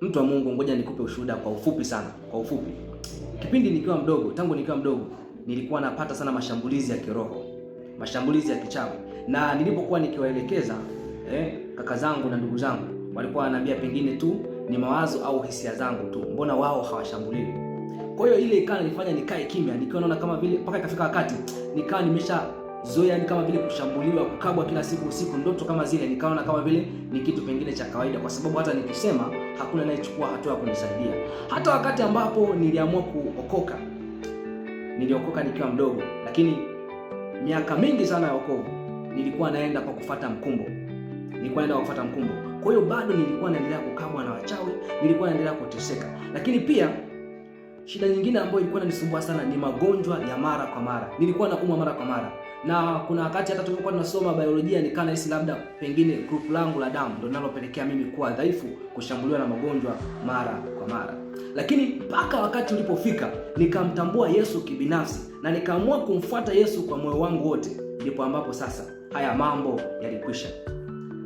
Mtu wa Mungu, ngoja nikupe ushuhuda kwa ufupi sana, kwa ufupi. Kipindi nikiwa mdogo, tangu nikiwa mdogo, nilikuwa napata sana mashambulizi ya kiroho, mashambulizi ya kichawi, na nilipokuwa nikiwaelekeza eh, kaka zangu na ndugu zangu walikuwa wananiambia pengine tu ni mawazo au hisia zangu tu, mbona wao hawashambulii Kwa hiyo ile ikawa nifanya nikae kimya, nikiwa naona kama vile, mpaka ikafika wakati nikawa nimesha zoea, yani kama vile kushambuliwa, kukabwa kila siku usiku, ndoto kama zile, nikaona kama vile ni kitu pengine cha kawaida, kwa sababu hata nikisema hakuna anayechukua hatua ya kunisaidia. Hata wakati ambapo niliamua kuokoka, niliokoka nikiwa mdogo, lakini miaka mingi sana ya wokovu nilikuwa naenda kwa kufata mkumbo, nilikuwa naenda kwa kufuata mkumbo. Kwa hiyo bado nilikuwa naendelea kukabwa na wachawi, nilikuwa naendelea kuteseka, lakini pia shida nyingine ambayo ilikuwa inanisumbua sana ni magonjwa ya mara kwa mara. Nilikuwa naumwa mara kwa mara na kuna wakati hata tulipokuwa tunasoma biolojia nikaa nahisi labda pengine group langu la damu ndio linalopelekea mimi kuwa dhaifu, kushambuliwa na magonjwa mara kwa mara. Lakini mpaka wakati ulipofika nikamtambua Yesu kibinafsi na nikaamua kumfuata Yesu kwa moyo wangu wote, ndipo ambapo sasa haya mambo yalikwisha.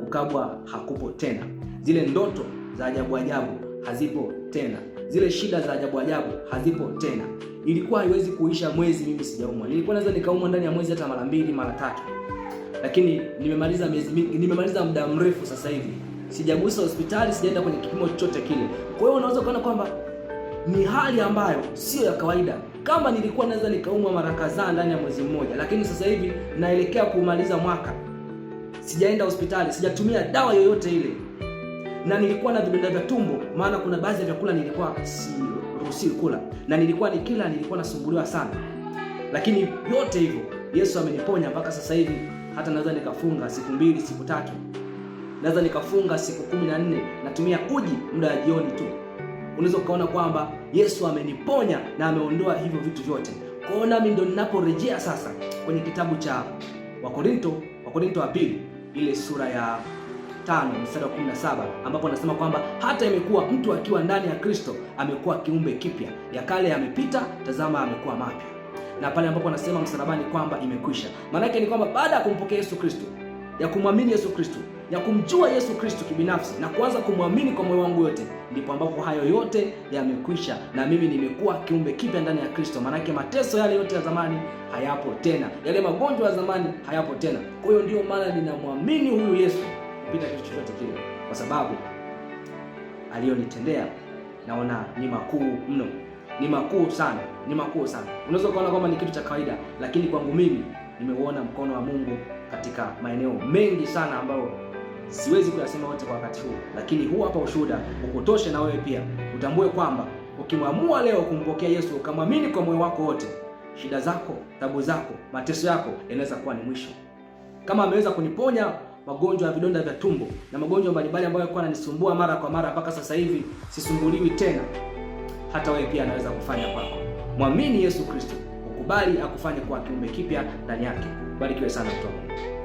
Kukabwa hakupo tena, zile ndoto za ajabu ajabu hazipo tena zile shida za ajabu ajabu hazipo tena. Ilikuwa haiwezi kuisha mwezi mimi sijaumwa, nilikuwa naweza nikaumwa ndani ya mwezi hata mara mbili mara tatu, lakini nimemaliza miezi mingi, nimemaliza muda mrefu sasa hivi sijagusa hospitali, sijaenda kwenye kipimo chochote kile. Kwa hiyo unaweza kuona kwamba ni hali ambayo sio ya kawaida. Kama nilikuwa naweza nikaumwa mara kadhaa ndani ya mwezi mmoja, lakini sasa hivi naelekea kumaliza mwaka, sijaenda hospitali, sijatumia dawa yoyote ile na nilikuwa na vidonda vya tumbo, maana kuna baadhi ya vyakula nilikuwa siruhusiwi kula, na nilikuwa nikila nilikuwa nasumbuliwa sana, lakini yote hivyo Yesu ameniponya mpaka sasa hivi. Hata naweza nikafunga siku mbili siku tatu, naweza nikafunga siku kumi na nne, natumia uji muda wa jioni tu. Unaweza ukaona kwamba Yesu ameniponya na ameondoa hivyo vitu vyote. Kwa hiyo nami ndo ninaporejea sasa kwenye kitabu cha Wakorinto, Wakorinto wa pili ile sura ya tano mstari wa 17 ambapo anasema kwamba hata imekuwa mtu akiwa ndani ya Kristo amekuwa kiumbe kipya, ya kale yamepita, tazama amekuwa mapya. Na pale ambapo anasema msalabani kwamba imekwisha, maana yake ni kwamba baada ya kumpokea Yesu Kristo, ya kumwamini Yesu Kristo, ya kumjua Yesu Kristo kibinafsi na kuanza kumwamini kwa moyo wangu yote, ndipo ambapo hayo yote yamekwisha na mimi nimekuwa kiumbe kipya ndani ya Kristo. Maanake mateso yale yote ya zamani hayapo tena, yale magonjwa ya zamani hayapo tena. Kwa hiyo ndiyo maana ninamwamini huyu Yesu kupita kitu chochote kile, kwa sababu aliyonitendea naona ni makuu mno, ni makuu sana, ni makuu sana. Unaweza ukaona kwamba ni kitu cha kawaida, lakini kwangu mimi nimeuona mkono wa Mungu katika maeneo mengi sana ambayo siwezi kuyasema wote kwa wakati huu, lakini huu hapa ushuhuda ukutoshe na wewe pia utambue kwamba ukimwamua leo kumpokea Yesu ukamwamini kwa moyo wako wote, shida zako, tabu zako, mateso yako yanaweza kuwa ni mwisho. Kama ameweza kuniponya magonjwa ya vidonda vya tumbo na magonjwa mbalimbali ambayo yalikuwa yananisumbua mara kwa mara, mpaka sasa hivi sisumbuliwi tena. Hata wewe pia anaweza kufanya kwako. Mwamini Yesu Kristo, ukubali akufanye kwa kiumbe kipya ndani yake. Barikiwe sana mtu